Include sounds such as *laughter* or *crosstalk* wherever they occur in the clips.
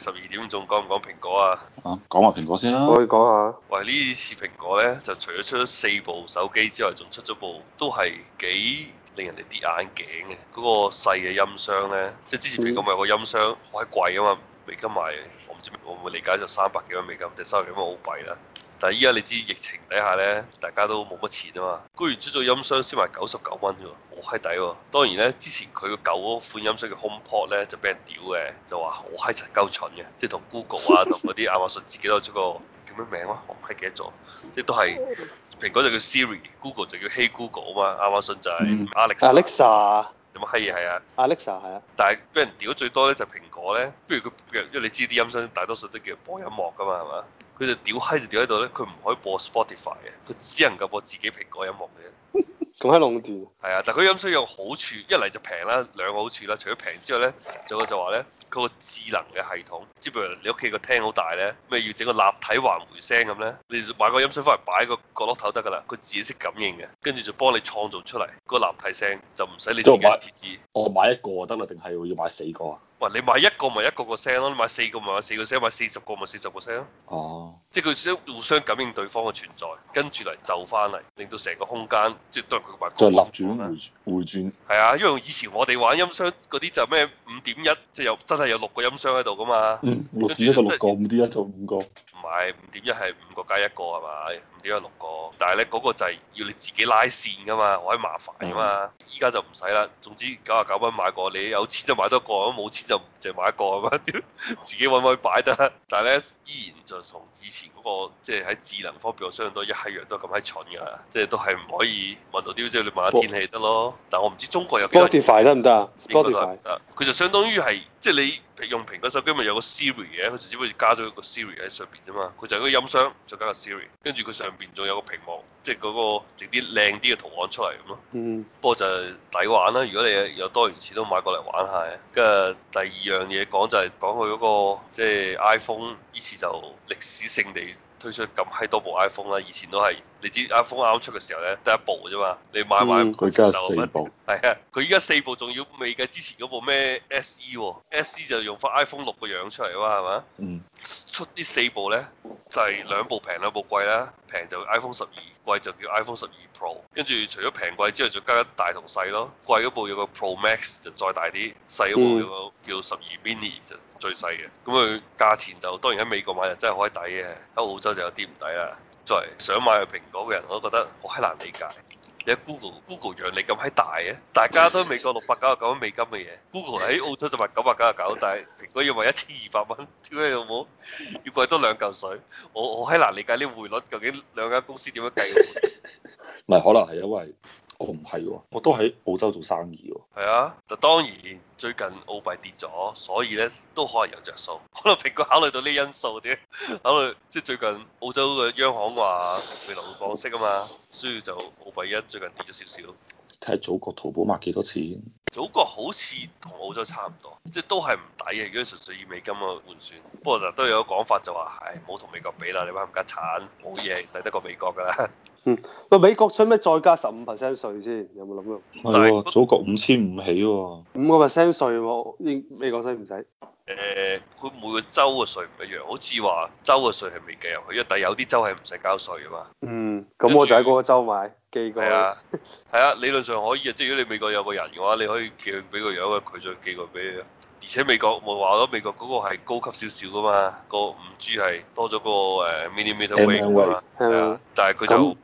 十二點鐘講唔講蘋果啊？講埋、啊、蘋果先啦。可以講下？喂，呢次蘋果咧，就除咗出咗四部手機之外，仲出咗部都係幾令人哋跌眼鏡嘅。嗰、嗰個細嘅音箱咧，即係之前蘋果咪有個音箱好閪貴啊嘛，美金賣，我唔知我唔會理解就三百幾蚊美金，定三百幾蚊好貴啦。但係依家你知疫情底下咧，大家都冇乜錢啊嘛，居然出咗音箱先埋九十九蚊啫，好嗨抵喎！當然咧，之前佢個舊款音箱嘅 HomePod 咧就俾人屌嘅，就話好閪柒鳩蠢嘅，即係同 Google 啊，同嗰啲亞馬遜自己都有出個叫咩名啊？我唔係記得咗，即係都係蘋果就叫 Siri，Google 就叫 Hey Google 啊嘛，亞馬遜就係 Alex，Alexa 有冇閪嘢係啊？Alexa 係啊，Alexa，啊但係俾人屌最多咧就係蘋果咧，不如佢因為你知啲音箱大多數都叫播音樂㗎嘛係嘛？佢就屌閪就屌喺度咧，佢唔可以播 Spotify 嘅，佢只能夠播自己蘋果音樂嘅。咁閪壟斷。係啊， *laughs* 但係佢音響有好處，一嚟就平啦，兩個好處啦，除咗平之外咧，仲有就話咧，佢個智能嘅系統，即譬如你屋企個廳好大咧，咩要整個立體環回聲咁咧，你買個音響翻嚟擺個角落頭得噶啦，佢自己識感應嘅，跟住就幫你創造出嚟個立體聲，就唔使你。自己我買設置。哦，我買一個得啦，定係要買四個啊？哇！你買一個咪一個個聲咯，你買四個咪買四個聲，買四十個咪四十個聲咯。哦、啊，即係佢互相感應對方嘅存在，跟住嚟就翻嚟，令到成個空間即係對佢咪立轉回回轉。係啊，因為以前我哋玩音箱嗰啲就咩五點一，即係有真係有六個音箱喺度㗎嘛。六點一就六個，五點一就五個。買五點一係五個加一個係嘛？五點一六個，但係咧嗰個就係要你自己拉線噶嘛，可以麻煩噶嘛。依家就唔使啦。總之九啊九蚊買過，你有錢就買多個，冇錢就淨買一個咁 *laughs* 自己揾位擺得。但係咧，依然就同以前嗰、那個即係喺智能方面，我相對都一樣、就是、都咁閪蠢㗎。即係都係唔可以問到啲，即、就、係、是、你問下天氣得咯。但係我唔知中國有幾多電費得唔得啊？佢就相當於係。即係你用蘋果手機咪有個 Siri 嘅，佢就只不過加咗一個 Siri 喺上邊啫嘛，佢就係個音箱再加個 Siri，跟住佢上邊仲有個屏幕，即係嗰個整啲靚啲嘅圖案出嚟咁咯。嗯。不過就抵玩啦，如果你有多餘錢都買過嚟玩下。跟住第二樣嘢講就係講佢嗰個即係、就是、iPhone 依次，就歷史性地推出咁閪多部 iPhone 啦，以前都係你知 iPhone 啱出嘅時候咧，第一部啫嘛，你買買佢真係嗯，佢而家四部，係啊麼，佢依家四部仲要未計之前嗰部咩 SE，SE、哦、就用翻 iPhone 六個樣出嚟啊嘛，係嘛？嗯，出呢四部咧，就係、是、兩部平兩部貴啦，平就 iPhone 十二，貴就叫 iPhone 十二 Pro，跟住除咗平貴之外，就加一大同細咯。貴嗰部有個 Pro Max 就再大啲，細嗰部有個叫十二 Mini 就最細嘅。咁佢價錢就當然喺美國買就真係可以抵嘅，喺澳洲就有啲唔抵啦。作為想買蘋果嘅人，我都覺得好難理解。而 Go Google Google 讓你咁閪大嘅，大家都係美國六百九十九蚊美金嘅嘢，Google 喺澳洲就賣九百九十九，但係蘋果要賣一千二百蚊，屌你老母，要貴多兩舊水，我我喺難理解呢匯率究竟兩間公司點樣計？唔係可能係因為。我唔係喎，我都喺澳洲做生意喎。係啊，但當然最近澳幣跌咗，所以咧都可能有着數。可能蘋果考慮到呢因素啲，考慮即係最近澳洲嘅央行話未來會降息啊嘛，所以就澳幣一最近跌咗少少。睇下祖國淘寶賣幾多錢？祖國好似同澳洲差唔多，即係都係唔抵嘅。如果純粹以美金去換算，不過嗱都有個講法就話，唉，冇同美國比啦，你話冚家鏟冇嘢，抵得過美國㗎啦。嗯，喂，美國出咩再加十五 percent 稅先？有冇諗過？係喎、啊，祖國五千五起喎、啊，五個 percent 稅喎，美國使唔使？誒，佢每個州嘅稅唔一樣，好似話州嘅稅係未計入去，因為第有啲州係唔使交稅㗎嘛嗯。嗯，咁後我就喺嗰個州買寄過去。係啊，係 *laughs* 啊，理論上可以啊，即係如果你美國有個人嘅話，你可以寄去俾個樣，佢再寄過俾你。而且美國我話咗，美國嗰個係高級少少噶嘛，個五 G 係多咗個誒 millimeter wave 嘅嘛，啊，但係佢就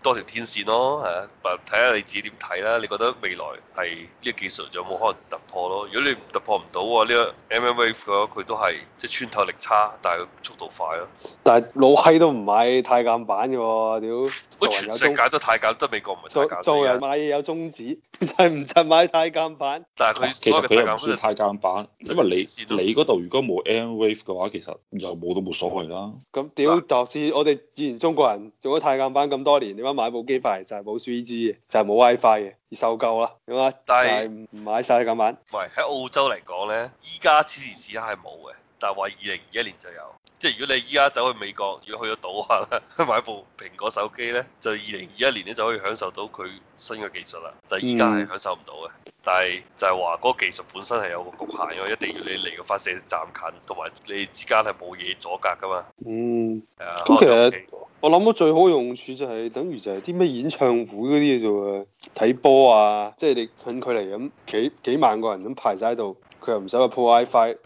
多條天線咯，嚇、嗯啊。但睇下你，你自己點睇啦，你覺得未來係呢個技術有冇可能突破咯？如果你突破唔到啊，呢、這個 M、MM、M 佢都係即係穿透力差，但係速度快咯。但係老閪都唔買太監板嘅喎，屌！做人有宗旨。全世界都太監，得美國唔係太監。做，做人買嘢有宗旨， *laughs* 就係唔準買太監板。但係佢、就是、其實佢又唔算太監板，因為你你嗰度如果冇 M Wave 嘅話，其實就冇都冇所謂啦。咁屌，導致但我哋以前中國人做咗太監板咁多年，點解買部機翻嚟就係冇 t 3G 嘅，就係冇 WiFi 嘅？就是受夠啦，咁啊？但係唔買晒。咁樣，喂，喺澳洲嚟講咧，依家此時此刻係冇嘅，但係話二零二一年就有。即係如果你依家走去美國，如果去咗島下買部蘋果手機咧，就二零二一年咧就可以享受到佢新嘅技術啦。但係依家係享受唔到嘅。但係就係話嗰個技術本身係有個局限，因為一定要你嚟個發射站近，同埋你之間係冇嘢阻隔噶嘛。嗯。係啊。咁其實我諗到最好用處就係等於就係啲咩演唱會嗰啲嘢做啊，睇波啊，即係你近距離咁幾幾萬個人咁排晒喺度，佢又唔使話鋪 WiFi。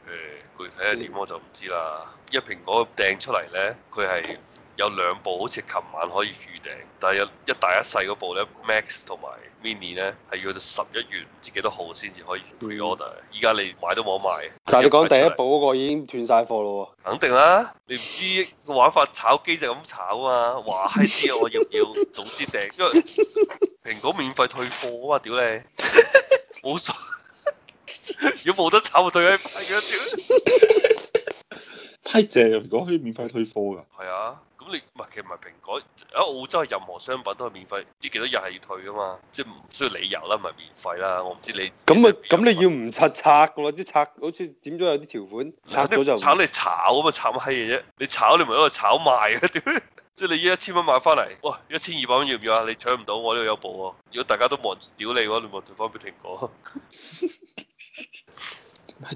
具體一點我就唔知啦。因為蘋果訂出嚟咧，佢係有兩部，好似琴晚可以預訂，但係有一大一細嗰部咧，Max 同埋 Mini 咧，係要到十一月唔知幾多號先至可以 reorder。依家你買都冇得買。但係你講第一部嗰個已經斷晒貨咯喎！肯定啦，你唔知玩法炒機就係咁炒啊嘛！哇閪啊，我要唔要早啲訂？因為蘋果免費退貨啊嘛，屌你！冇如果冇得炒， *laughs* 我退翻，屌！太正，如果可以免費退貨噶，係啊，咁你唔係其實唔係蘋果，喺澳洲任何商品都係免費，唔知幾多日係要退噶嘛，即係唔需要理由啦，唔係免費啦，我唔知你。咁啊、嗯，咁你,你要唔拆拆噶喎？即係拆，好似點咗有啲條款，拆咗就。炒你炒咁嘛，炒閪嘢啫！你炒你咪喺度炒賣啊！ *laughs* 即係你依家一千蚊買翻嚟，哇，一千二百蚊要唔要啊？你搶唔到我呢度有部喎、啊。如果大家都望屌你，你咪退翻俾蘋果。 *laughs* *laughs*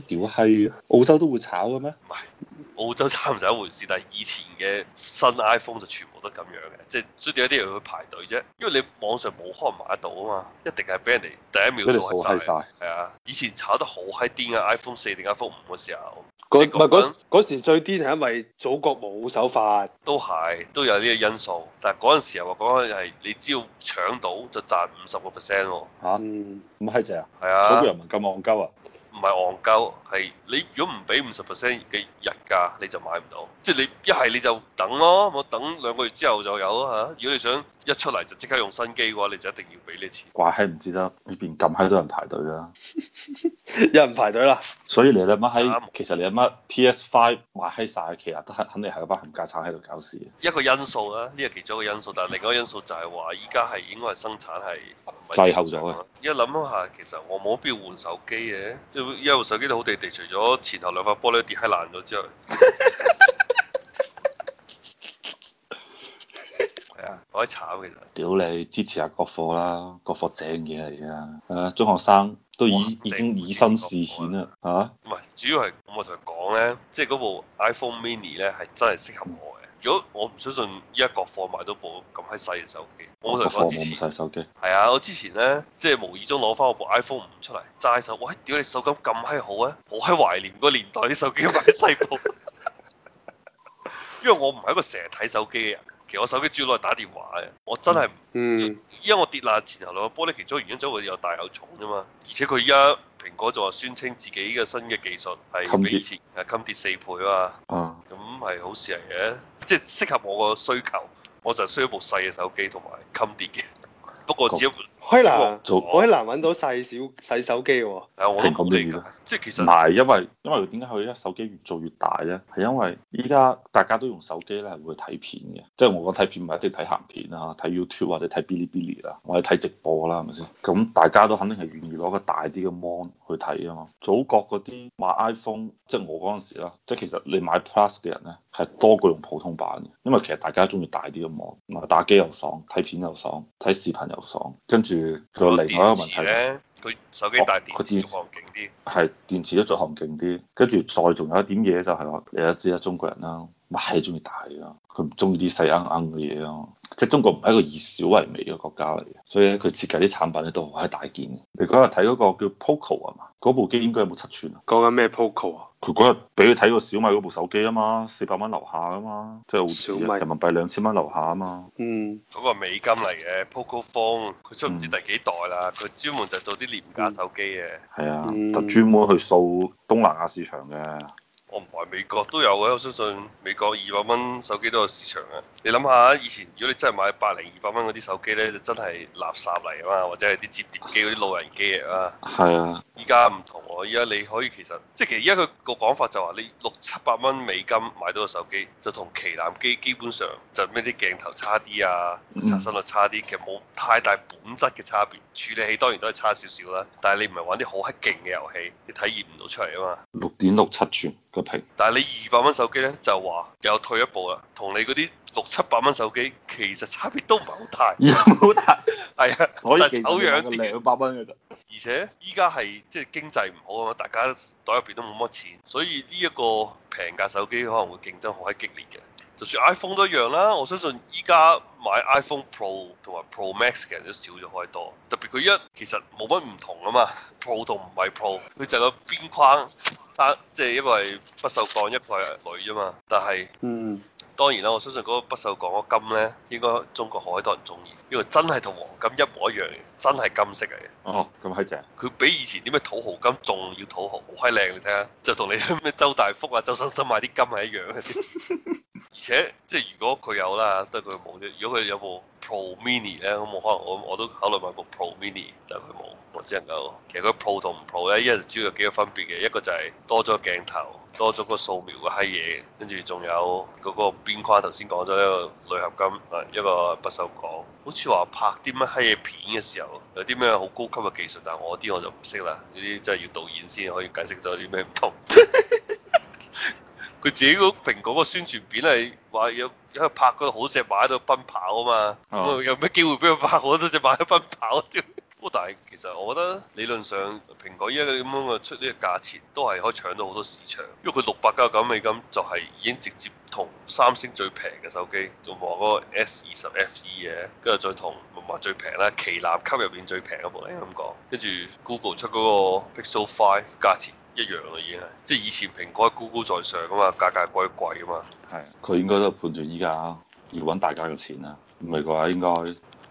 屌閪，澳洲都會炒嘅咩？唔係，澳洲炒唔係一回事，但係以前嘅新 iPhone 就全部都咁樣嘅，即係雖然有啲人去排隊啫，因為你網上冇可能買得到啊嘛，一定係俾人哋第一秒掃曬。係啊，以前炒得好閪癲嘅 iPhone 四定 iPhone 五嘅時候，唔係嗰時最癲係因為祖國冇首發。都係都有呢個因素，但係嗰陣又話講緊係你只要搶到就賺五十個 percent 喎。唔咁閪正啊？係啊！祖國人民咁戇鳩啊？唔係戇鳩，係你如果唔俾五十 percent 嘅日價，你就買唔到。即、就、係、是、你一係你就等咯、哦，我等兩個月之後就有啊。如果你想。一出嚟就即刻用新機嘅話，你就一定要俾呢啲錢。掛閪唔知得呢邊咁閪多人排隊啦， *laughs* 有人排隊啦。所以你阿媽閪，錯其實你阿媽 PS Five 賣閪曬，其實都係肯定係嗰班冚家鏟喺度搞事。一個因素啦、啊，呢個其中一個因素，但係另一個因素就係話依家係應該係生產係滯後咗啊。一諗下，其實我冇必要換手機嘅、啊，即係依部手機都好地地，除咗前後兩塊玻璃跌喺爛咗之外。 *laughs* 我啲炒其實，屌你支持下、啊、國貨啦，國貨正嘢嚟啊！啊，中學生都已已經以身試險啦嚇，唔係、啊、主要係咁我同佢講咧，即係嗰部 iPhone mini 咧係真係適合我嘅。如果我唔相信依家國貨買到部咁閪細嘅手機，啊、我冇理由支持細手機。係啊，我之前咧即係無意中攞翻我部 iPhone 五出嚟揸手，我屌你手感咁閪好啊！我喺懷念嗰年代啲手機咁閪細部，因為我唔係一個成日睇手機嘅人。其實我手機主要攞嚟打電話嘅，我真係、嗯，嗯，因為我跌爛前頭咯，玻璃其中原因就係又大又重啫嘛。而且佢而家蘋果就話宣稱自己嘅新嘅技術係比以前，係襟跌四倍啊嘛。啊，咁係好事嚟嘅，即係適合我個需求。我就需要部細嘅手機同埋襟跌嘅，嗯嗯嗯、不過只要。嗯嗯可以難做，可以難搵到細小細手機喎、啊。停咁嚟㗎，即係其實唔係因為因為點解佢而家手機越做越大咧？係因為而家大家都用手機咧係會睇片嘅，即係我講睇片咪一定睇鹹片啊，睇 YouTube 或者睇 Bilibili 啊，或者睇、啊、直播啦、啊，係咪先？咁大家都肯定係願意攞個大啲嘅 mon 去睇啊嘛。祖國嗰啲買 iPhone，即係我嗰陣時啦，即係其實你買 Plus 嘅人咧係多過用普通版嘅，因為其實大家中意大啲嘅 mon，打機又爽，睇片又爽，睇視頻又爽，跟住。仲有另外一個問題咧、就是，佢我手機大電，佢電池都仲強勁啲。係池，電池都再強勁啲。跟住再仲有一點嘢就係、是、話，你都知啦，中國人啦，咪係中意大嘅，佢唔中意啲細硬硬嘅嘢啊。即係中國唔係一個以小為美嘅國家嚟嘅，所以咧佢設計啲產品咧都好係大件嘅。你嗰日睇嗰個叫 Poco 啊嘛？嗰部機應該有冇七寸啊？講緊咩 Poco 啊？佢嗰日俾佢睇個小米嗰部手機啊嘛，四百蚊留下啊嘛，即係好似人民幣兩千蚊留下啊嘛。小米。嗯，嗰個美金嚟嘅 Poco Phone，佢出唔知第幾代啦，佢、嗯、專門就做啲廉價手機嘅。係啊，嗯、就專門去掃東南亞市場嘅。唔係美國都有嘅，我相信美國二百蚊手機都有市場啊。你諗下，以前如果你真係買百零二百蚊嗰啲手機咧，就真係垃圾嚟啊，嘛，或者係啲摺疊機嗰啲老人機嘛是啊。係啊。依家唔同喎，依家你可以其實即係其實依家佢個講法就話你六七百蚊美金買到個手機，就同旗艦機基本上就咩啲鏡頭差啲啊，刷新率差啲，其實冇太大本質嘅差別。處理器當然都係差少少啦，但係你唔係玩啲好黑勁嘅遊戲，你體驗唔到出嚟啊嘛。六點六七寸。個屏，但係你二百蚊手機咧就話又退一步啦，同你嗰啲六七百蚊手機其實差別都唔係好大，又唔好大，係啊，其實醜樣啲二百蚊嘅啫。而且依家係即係經濟唔好啊嘛，大家袋入邊都冇乜錢，所以呢一個平價手機可能會競爭好係激烈嘅。就算 iPhone 都一樣啦，我相信依家買 iPhone Pro 同埋 Pro Max 嘅人都少咗好多，特別佢一其實冇乜唔同啊嘛，Pro 同唔係 Pro，佢就個邊框。即係一個係不鏽鋼，一個係鋁啫嘛。但係，嗯，當然啦，我相信嗰個不鏽鋼嗰金咧，應該中國好多人都中意，因為真係同黃金一模一樣嘅，真係金色嚟嘅。哦，咁閪正！佢比以前啲咩土豪金仲要土豪，好閪靚，你睇下，就同你咩周大福啊、周生生買啲金係一樣嘅。 *laughs* 而且，即係如果佢有啦，即係佢冇啫。如果佢有冇。Pro Mini 咧，咁冇可能我我都考慮買部 Pro Mini，但佢冇，我只能夠其實佢 Pro 同唔 Pro 咧，一係主要有幾個分別嘅，一個就係多咗鏡頭，多咗個掃描嘅閪嘢，跟住仲有嗰個邊框，頭先講咗一個鋁合金啊，一個不鏽鋼，好似話拍啲乜閪嘢片嘅時候，有啲咩好高級嘅技術，但係我啲我就唔識啦，呢啲真係要導演先可以解釋咗啲咩唔同。 *laughs* 佢自己個蘋果個宣傳片係話有喺度拍嗰好多隻馬喺度奔跑啊嘛，嗯嗯、有咩機會俾佢拍好多隻馬喺度奔跑？不 *laughs* 但係其實我覺得理論上蘋果依家咁樣嘅出呢個價錢，都係可以搶到好多市場。因為佢六百九十九美金就係已經直接同三星最平嘅手機，仲話嗰個 S 二十 FE 嘅，跟住再同話最平啦，旗艦級入邊最平嗰部嚟咁講。跟住 Google 出嗰個 Pixel Five 價錢。一樣咯，已經係，即係以前蘋果係高高在上噶嘛，價格貴貴噶嘛。係。佢應該都判斷依家要揾大家嘅錢啊，唔係嘅話應該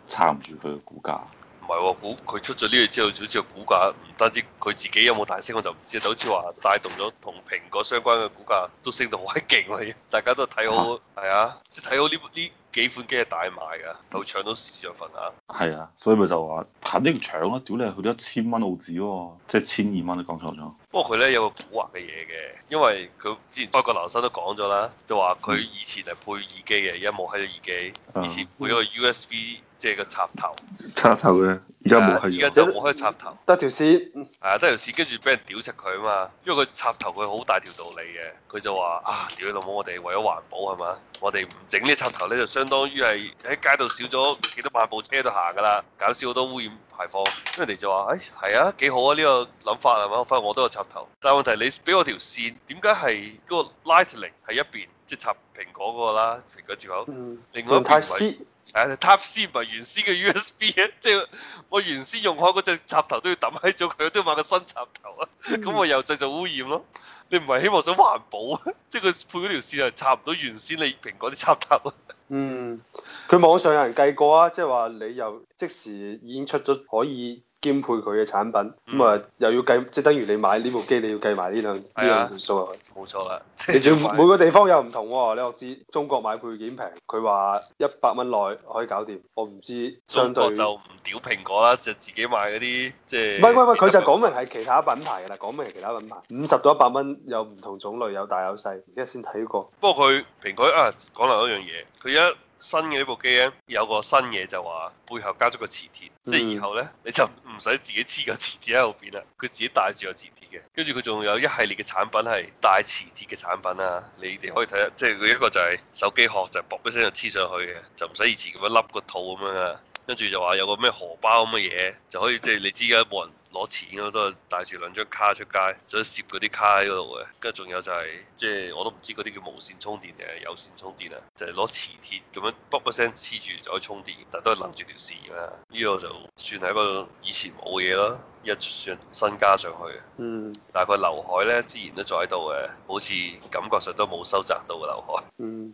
撐唔住佢嘅股價。唔係喎，股佢出咗呢嘢之後，好似個股價唔單止佢自己有冇大升我就唔知，就好似話帶動咗同蘋果相關嘅股價都升到好閪勁喎，大家都睇好，係啊，即睇、啊就是、好呢呢幾款機係大賣㗎，係會搶到市場份啊，係啊，所以咪就話肯定搶啊，屌你係去到一千蚊澳紙喎，即係千二蚊，你講錯咗。不過佢咧有個古惑嘅嘢嘅，因為佢之前德國留學生都講咗啦，就話佢以前係配耳機嘅，而家冇喺個耳機，嗯、以前配咗個 USB 即係個插頭，插頭嘅，而家冇，而家就冇開插頭，得條線，係得條線，跟住俾人屌柒佢啊嘛，因為個、啊、插頭佢好大條道理嘅，佢就話啊屌老母我哋為咗環保係嘛，我哋唔整呢插頭咧就相當於係喺街度少咗幾多萬部車度行噶啦，減少好多污染。排放，跟住你就話誒係啊，幾好啊！呢、這個諗法係嘛，反正我都有插頭，但係問題你俾我條線，點解係嗰個 Lightning 喺一邊？即、就、係、是、插蘋果嗰、那個啦，蘋果接口。嗯。另外一邊。誒，Type-C 唔係原先嘅 U S B 啊，即係我原先用開嗰隻插頭都要抌喺咗，佢都要買個新插頭啊，咁、嗯、我又製造污染咯。你唔係希望想環保啊？即係佢配嗰條線係插唔到原先你蘋果啲插頭。嗯，佢網上有人計過啊，即係話你又即時已經出咗可以。兼配佢嘅產品，咁啊、嗯、又要計，即、就、係、是、等於你買呢部機，你要計埋呢兩呢兩條數啊。冇錯啦、啊，你仲要每個地方又唔同、哦。你話我知中國買配件平，佢話一百蚊內可以搞掂。我唔知。中國相對就唔屌蘋果啦，就自己買嗰啲即係。喂、就是，唔係佢就講明係其他品牌㗎啦，講明係其他品牌。五十到一百蚊有唔同種類，有大有細，而家先睇過。不過佢蘋果啊，講嚟一樣嘢，佢一。新嘅呢部機咧，有個新嘢就話背後加咗個磁鐵，即係以後咧你就唔使自己黐個磁鐵喺後邊啦，佢自己帶住個磁鐵嘅。跟住佢仲有一系列嘅產品係帶磁鐵嘅產品啊，你哋可以睇下，即係佢一個就係手機殼就啪一聲就黐上去嘅，就唔使以前咁樣笠個套咁樣啊。跟住就話有個咩荷包咁嘅嘢，就可以即係你知而家冇人。攞錢咯、啊，都係帶住兩張卡出街，想攝嗰啲卡喺嗰度嘅。跟住仲有就係、是，即、就、係、是、我都唔知嗰啲叫無線充電定係有線充電啊，就係、是、攞磁鐵咁樣卜卜聲黐住就可以充電，但都係攬住條線㗎、啊。呢個就算係一個以前冇嘢咯，依家算新加上去。嗯。但係佢劉海咧，之前都仲喺度誒，好似感覺上都冇收窄到嘅劉海。嗯。